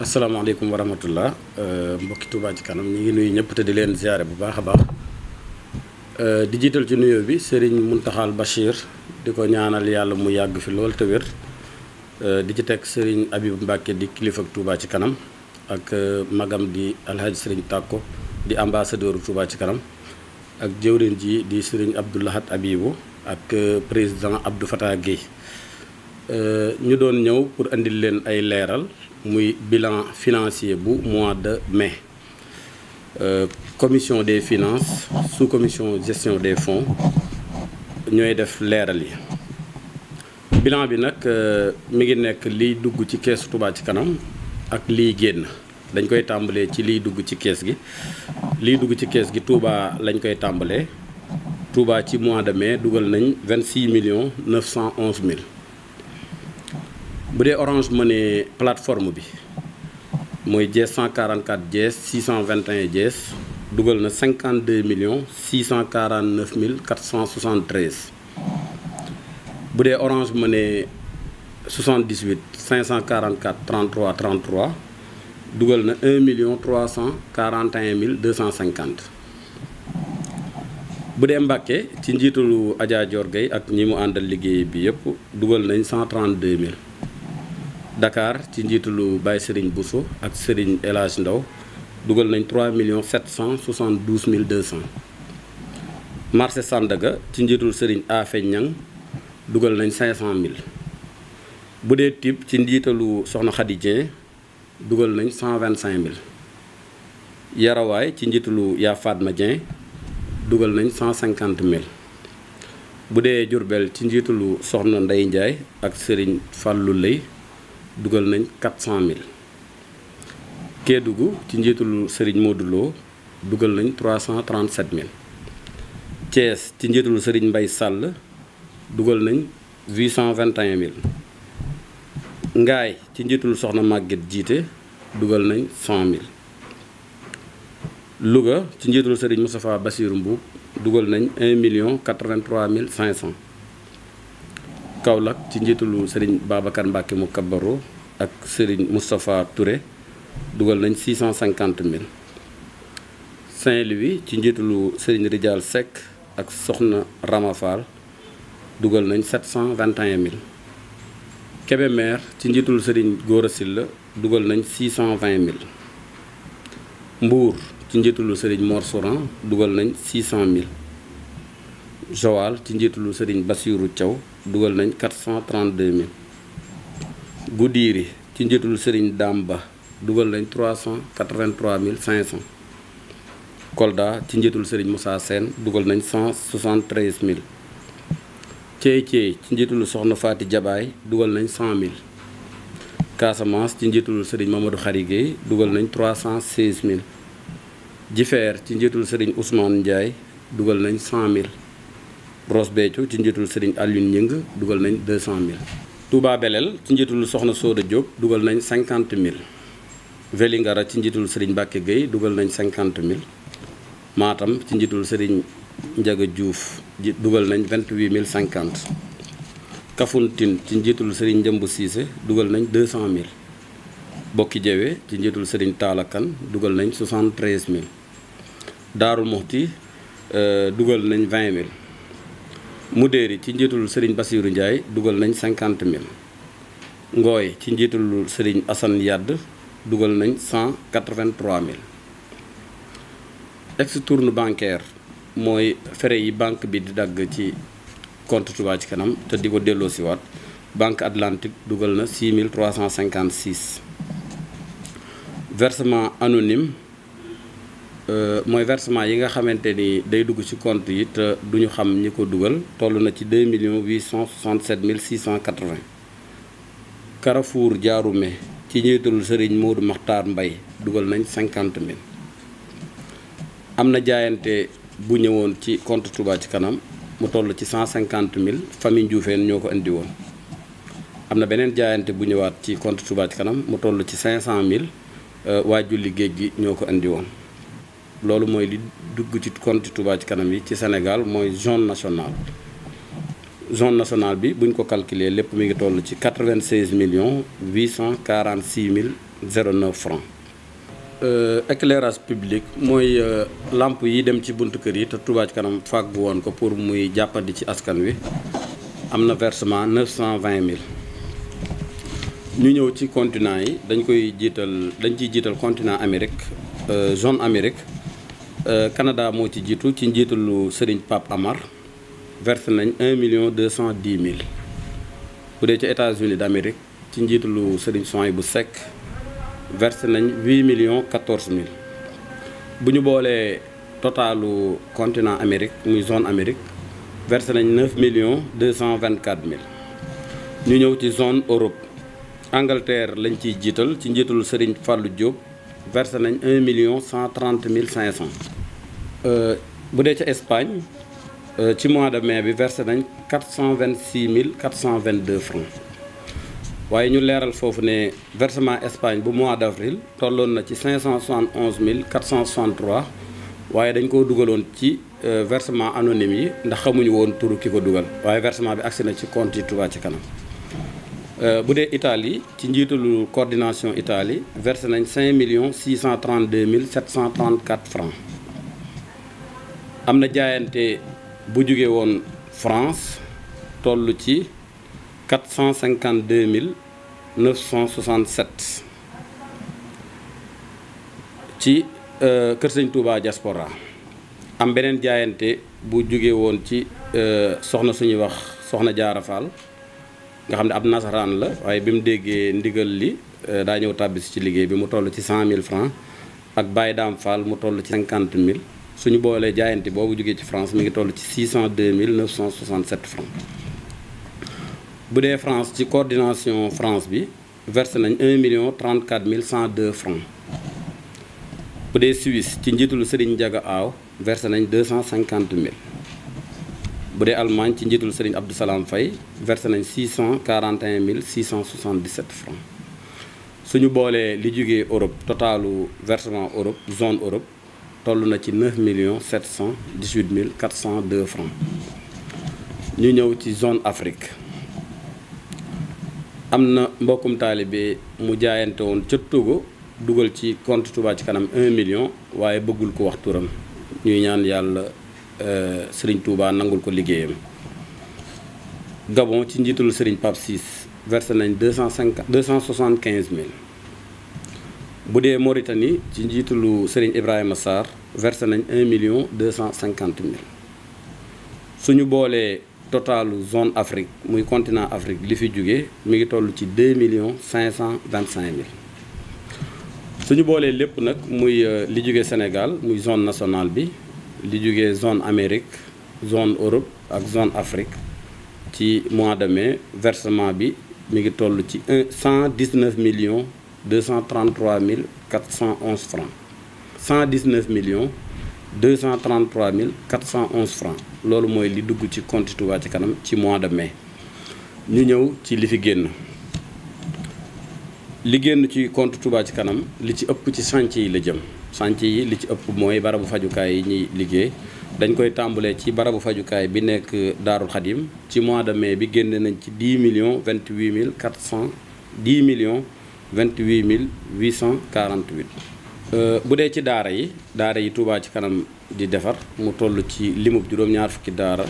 asalaamaaleykum wa rahmatullah euh, mbokki Touba ci kanam ñu ngi nuyu ñëpp te di leen ziare bu baax a baax euh, di jiital ci nuyoo bi Serigne Mountakhal Bachir di ko ñaanal yàlla mu yàgg fi lool te wér euh, di ci teg Serigne Abib Mbacke di kilifak ak ci kanam ak magam di Alhaji Serigne Tako di ambassadeur Touba ci kanam ak jëwrin ji di sëriñ Abdou Lahad Abibou ak président Abdou Fatah Guèye ñu doon ñëw pour andil leen ay leeral. muy bilan financier bu mois de mai euh, commission des finances sous commission gestion des fonds ñooy def leeral yi bilan bi nag euh, mu ngi nekk liy dugg ci keesu Touba ci kanam ak liy génn dañ koy tàmbalee ci liy dugg ci kees gi liy dugg ci kees gi Touba lañ koy tàmbalee Touba ci mois de mai dugal nañ vingt six millions neuf cent onze mille bu dee Orange Money plateforme bi mooy cent Diès cent vingt 621 Diès dugal na 52 millions 649 mille 473 bu dee Orange Money 78 544 33 33 dugal na 1 million 341 mille deux cent 250 bu dee Mbàkke ci njiitalu Adja Dior Gueye ak ñi mu àndal liggéey bi yëpp dugal nañ deux mille Dakar ci njiitalu Baye Serigne Bousso ak Serigne El Hadj Ndaw dugal nañ 3 millions 772 mille 200 marché Sandaga ci njiitul Serigne Afe Ñang dugal nañ 500 mille bu dee tib ci njiitalu Soxna Khady Dieng dugal nañ 125 mille Yarawaay ci njiitalu Yaa Fatma Dieng dugal nañ 150 mille bu dee Jurbel ci njiitalu Soxna Ndey Ndiaye ak Serigne Fallou Lay dugal nañ 400000 Kédougou ci njiitul Serigne Modou Lo dugal nañ 337000 Thiès ci njiitul Serigne mbay Sall dugal nañ 821000 Ngaay ci njiitul Soxna Maguette jiite dugal nañ 100000 Louga ci njiitul Serigne Moustapha Bassirou Mbuub dugal nañ 1 million 83 mille 500. Kaolack ci njiitalu Serigne Babacar Mbacke mu Kabaro ak Serigne Moustapha Touré dugal nañ 650 000 Saint-Louis ci njiitalu Serigne Ridial Seck ak Soxna Rama dugal nañ 721 000 Kébémer ci njiitalu Serigne Gora Sylla dugal nañ 620 000 Mbour ci njiitalu Serigne Mor Souran dugal nañ 600 000 Joal ci njiitalu Serigne Bassirou Thiaw dugal nañ quatre cent trente deux mille Goudiri ci njiitul Serigne Dame Ba dugal nañ trois cent quatre vingt mille cinq cent Kolda ci njiitul Serigne Moussa Sène dugal nañ cent soixante treize mille Thiey Thiey ci njiitul Soxna Faati Jabaay dugal nañ cent mille Casamance ci njiitul Serigne Mamadou Khary dugal nañ trois cent seize mille Jifeer ci njiitul Serigne Ousmane Ndiaye dugal nañ cent mille Ross Béthio ci njiitul Serigne Alioune Ñing dugal nañ 200000. Touba Belel ci njiitul Soxna Sooda jóg dugal nañ 50000. Vélingara ci njiitul Serigne Mbacke Gueye dugal nañ 50000. maatam ci njiitul Serigne Ndiaga Diouf ji dugal nañ 28050. Kafountine ci njiitul Serigne Njëmbu Cissé dugal nañ 200000. Bokki Jewe ci njiitul Serigne Talla dugal nañ 73000. Daaru Muxti dugal nañ vingt mil Mudéeri ci njiitul Serigne Bassirou Ndiaye dugal nañ cinquante mille Ngooy ci njiitul Serigne Assane Yadd dugal nañ cent quatre-vingt-trois mille tourne bancaire mooy fere yi banque bi di dagg ci compte Touba ci kanam te di ko delloosiwaat banque atlantique dugal na six mille trois cent cinquante-six versement anonyme Euh, mooy versement yi nga xamante ni day dugg ci compte yi te du xam ñi ko dugal toll na ci 2 millions 867 mille 680 Carrefour Diaroume ci njiitul Serigne Modou Makhtar Mbaye dugal nañ 50 mille am na jaayante bu ñëwoon ci compte Touba kanam mu toll ci 150 mille famille Ndioufène ñoo ko indi woon am na beneen jaayante bu ñëwaat ci compte Touba kanam mu toll ci 500 mille euh, waaju liggéey gi ñoo ko indi woon loolu mooy li dugg ci compte Touba kanam yi ci Sénégal mooy zone nationale zone nationale bi buñ ko calculer lépp mu ngi toll ci 96 millions 846 mille 09 francs euh, éclairage public mooy euh, làmp yi dem ci buntu kër yi te Touba ci kanam fàggu woon ko pour muy jàppandi ci askan wi am na versement 920 mille ñu ñëw ci continent yi dañ koy jiital dañ ciy jiital continent Amérique euh, zone Amérique Euh, Canada moo ci jiitu ci njiitalu Serigne Pape Amar versé nañ 1 million 210 mille bu dee ci États-Unis ci njiitalu Serigne Soin bu Seck versé nañ 8 millions 14 mille bu ñu boolee totalu continent Amérique muy zone Amérique verse nañ 9 millions 224 mille ñu ñëw ci zone Europe Angleterre lañ ciy jiital ci njiitalu Serigne Fallou Diop. versé nañ un million 130 mille 500. Euh, bu dee ca Espagne euh, ci mois de mai bi versé nañ 426 mille 422 francs waaye ñu leeral foofu ne versement Espagne bu mois d' avril tolloon na ci 571 mille 463 waaye dañ ko dugaloon ci euh, versement anonyme yi ndax xamuñu woon turu ki ko dugal waaye versement bi agsi na ci compte yi Touba ci kanam. Euh, bu dee Italie ci njiitalu coordination Italie versé nañ 5 millions 632 mille 734 francs am na jaayante bu jóge woon France toll ci 452 mille 967 ci euh, Kër Sëñ Touba diaspora am beneen jaayante bu jóge woon ci euh, soxna suñuy wax soxna Jaara Fall nga xam ne ab nasaraan la waaye bi mu déggee ndigal li euh, daa ñëw tàbbisi ci liggéey bi mu toll ci cent mille francs ak Baye daam Fall mu toll ci cinquante mille suñu boolee jaayante boobu jógee ci France mi ngi toll ci 602 967 francs bu dee France ci coordination France bi verse nañ un million 34 102 francs bu dee Suisse ci njiitalu Serigne Ndiaga Aw verse nañ 250 000 bu dee Allemagne ci njiitul Serigne Abdou Salam Faye versé nañ 641 mille 677 francs suñu boolee li jógee Europe totalu versement Europe zone Europe toll na ci million 9 millions 718 mille 402 francs ñu ñëw ci zone Afrique am na mbokkum taalibe mu jaayante woon ca Togo dugal ci compte Touba ci kanam 1 million waaye bëggul ko wax turam ñuy ñaan yàlla Euh, Serigne Touba nangul ko liggéeyam Gabon ci njiitul Serigne Pape Ciss versé nañ deux cent cinquante deux cent soixante quinze mille bu dee Mauritanie ci njiitalu Serigne Ibrahima Sarr versé nañ un million deux cent cinquante mille suñu boolee totalu zone Afrique muy continent Afrique li fi jóge mi ngi toll ci deux millions cinq cent vingt cinq mille suñu boolee lépp nag muy euh, li jóge Sénégal muy zone nationale bi. li jógee zone Amérique zone Europe ak zone Afrique ci mois de mai versement bi mi ngi toll ci un cent dix neuf millions deux cent trente mille quatre cent onze francs cent dix neuf millions deux cent trente mille quatre cent onze francs loolu mooy li dugg ci compte Touba ci kanam ci mois de mai ñu ñëw ci li fi génn li génn ci compte Touba ci kanam li ci ëpp ci chantier yi la jëm chantier yi li ci ëpp mooy barabu fajukaay yi ñuy liggéey dañ koy tàmbalee ci barabu fajukaay bi nekk Daarul Xadim ci mois de mais bi génn nañ ci 10 millions 28 mille 400 10 millions 28 mille 848. Euh, bu dee ci daara yi daara yi Touba ci kanam di defar mu toll ci limub juróom-ñaar fukki daara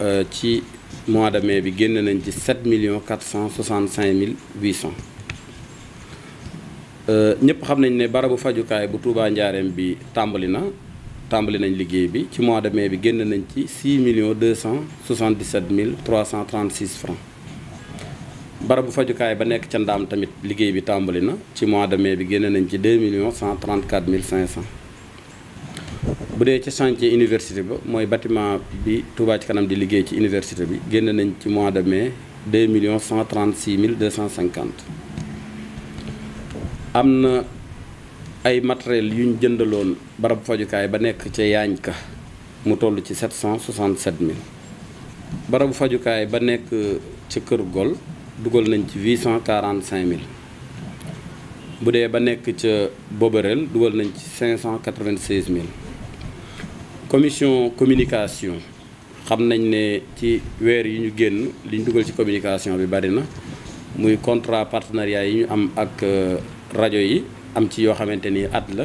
euh, ci mois de mais bi génn nañ ci 7 millions 465 mille 800. Euh, ñëpp xam nañ ne barabu fajukaay bu Touba Njaareem bi tàmbali na tàmbali nañ liggéey bi ci mois de mai bi génn nañ ci 6 millions 277 mille 336 francs barabu fajukaay ba nekk ca ndaam tamit liggéey bi tàmbali na ci mois de mai bi génn nañ ci 2 millions 134 mille 500 bu dee ca chantier université ba mooy bâtiment bi Touba ci kanam di liggéey ci université bi génn nañ ci mois de mai 2 millions 136 mille 250 am na ay matériel yu ñu jëndaloon barabu fajukaay ba nekk ca yaañ mu toll ci 767 mille barabu fajukaay ba nekk ca kër gol dugal nañ ci 845 mille bu dee ba nekk ca Boberel dugal nañ ci 596 mille commission communication xam nañ ne ci weer yi ñu génn liñ dugal ci communication bi bari na muy contrat partenariat yi ñu am ak euh, rajo yi am ci yoo xamante ni at la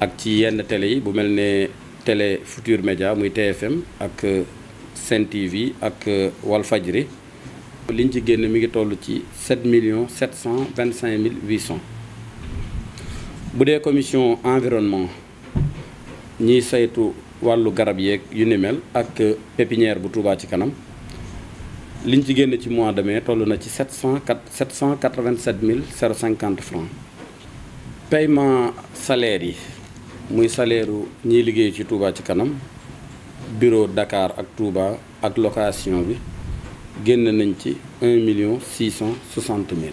ak ci yenn télé yi bu mel ne télé Futur Média muy TFM ak euh, Sen TV ak euh, Walfajri liñ ci génn mi ngi toll ci million cent vingt cinq mille 800 bu dee commission environnement ñiy saytu wàllu garab yeeg yu ni mel ak euh, pépinière bu Touba ci kanam liñ ci génn ci mois de mai toll na ci 700 787 cinquante francs paiement salaire yi muy salaire ñiy liggéey ci Touba ci kanam bureau Dakar ak Touba ak location bi génn nañ ci 1 million 660 mille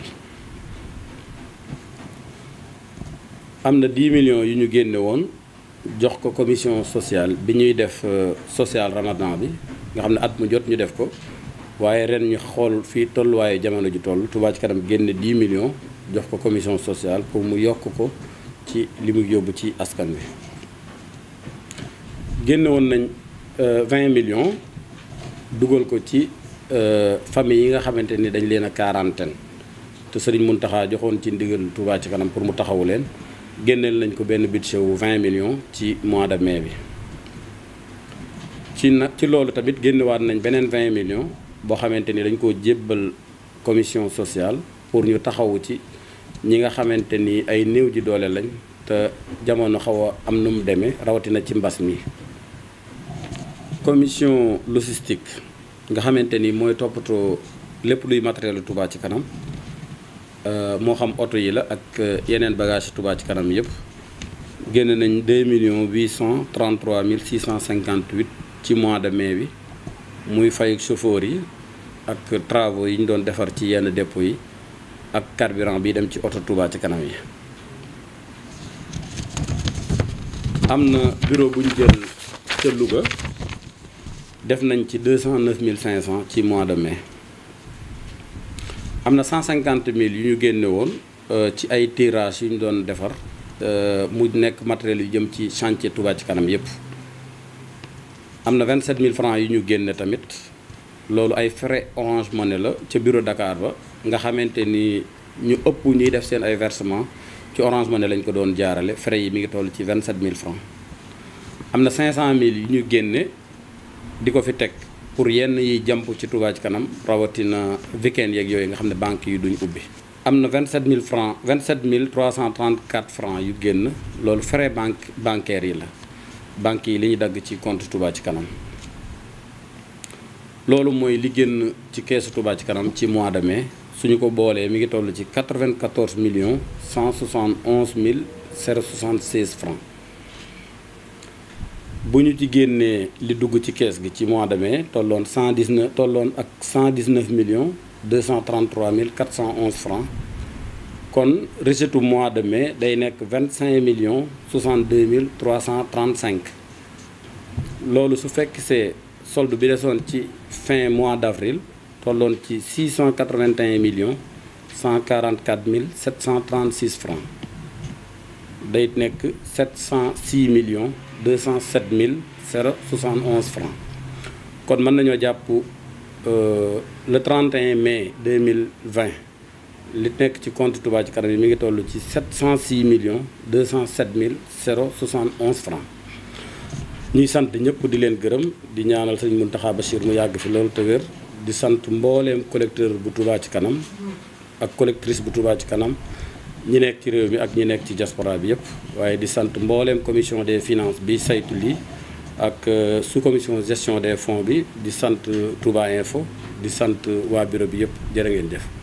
am na 10 millions yu ñu génne woon jox ko commission sociale bi ñuy def euh, social ramadan bi nga xam ne at mu jot ñu def ko waaye ren ñu xool fii tolluwaayu jamono ji toll Touba Ca Kanam génne 10 millions jox ko commission sociale pour mu yokk ko ci li mu yóbbu ci askan wi génne woon nañ euh, vingt millions dugal ko ci euh, famille yi nga xamante ni dañ leen a quarantaine te mun taxaa joxoon ci ndigal Touba ci Kanam pour mu taxawu leen génneel nañ ko benn budget wu 20 millions ci mois de mai bi ci na ci loolu tamit génnewaat nañ beneen 20 millions boo xamante ni dañ koo jébbal commission sociale pour ñu taxawu ci ñi nga xamante ni ay néew di doole lañ te jamono xaw am nu mu demee rawatina ci mbas mi. commission logistique nga xamante ni mooy toppatoo lépp luy matériel Touba ci kanam euh, moo xam oto yi la ak euh, yeneen bagage tubaa ci kanam yëpp génn nañ 2 millions 833 mille 658 ci mois de mai bi muy fayu chauffeur yi. ak travaux yi ñu doon defar ci yenn dépôts yi ak carburant bi dem ci oto Touba ci kanam yi am na bureau bu ñu jël ca Louga def nañ ci deux cent neuf mille cinq cent ci mois de mai am na cent cinquante mille yu ñu génne woon euh, ci ay tirage yu ñu doon defar euh, mu nekk matériel yu jëm ci chantier tubaa ci kanam yépp am na vingt sept mille francs yu ñu génne tamit loolu ay frais Orange Money la ca bureau Dakar ba nga xamante ni ñu ëpp ñuy def seen ay versement ci Orange Money lañ ko doon jaarale frais yi mi ngi toll ci vingt 27000 francs am na 500000 yu ñu génne di ko fi teg pour yenn yi jàmp ci Touba ci kanam rawatina weekend yeeg yooyu nga xam ne banque yi duñu ubbi. am na mille 27000 francs 27334 francs yu génn loolu frais banque bancaire yi la banques yi li ñu dagg ci compte Touba ci kanam. loolu mooy li génn ci keesu Touba ci kanam ci mois de mai suñu ko boolee mi ngi toll ci million cent millions 171 mille 076 francs bu ñu ci génnee li dugg ci kees gi ci mois de mai tolloon 119 tolloon ak 119 millions 233 mille 411 francs kon recette mois de mai day nekk 25 millions 62 mille 335 loolu su fekk see solde bi desoon ci fin mois d' avril tolloon ci 681 millions 144 mille 736 francs day nekk 706 millions 207 mille 071 francs kon mën nañoo jàpp euh, le 31 mai 2020 li nekk ci compte Touba ci kanam yi mi ngi toll ci 706 millions 207 mille 071 francs ñuy sant ñëpp di leen gërëm di ñaanal sëñ Mountakha Bachir mu yàgg fi loolu te di sant mbooleem collecteur bu Touba ci kanam ak collectrice bu Touba ci kanam ñi nekk ci réew mi ak ñi nekk ci diaspora bi yëpp waaye di sant mbooleem commission des finance bi saytu lii ak euh, sous commission gestion des fonds bi di sant Touba Info di sant waa bureau bi yëpp jërë ngeen jëf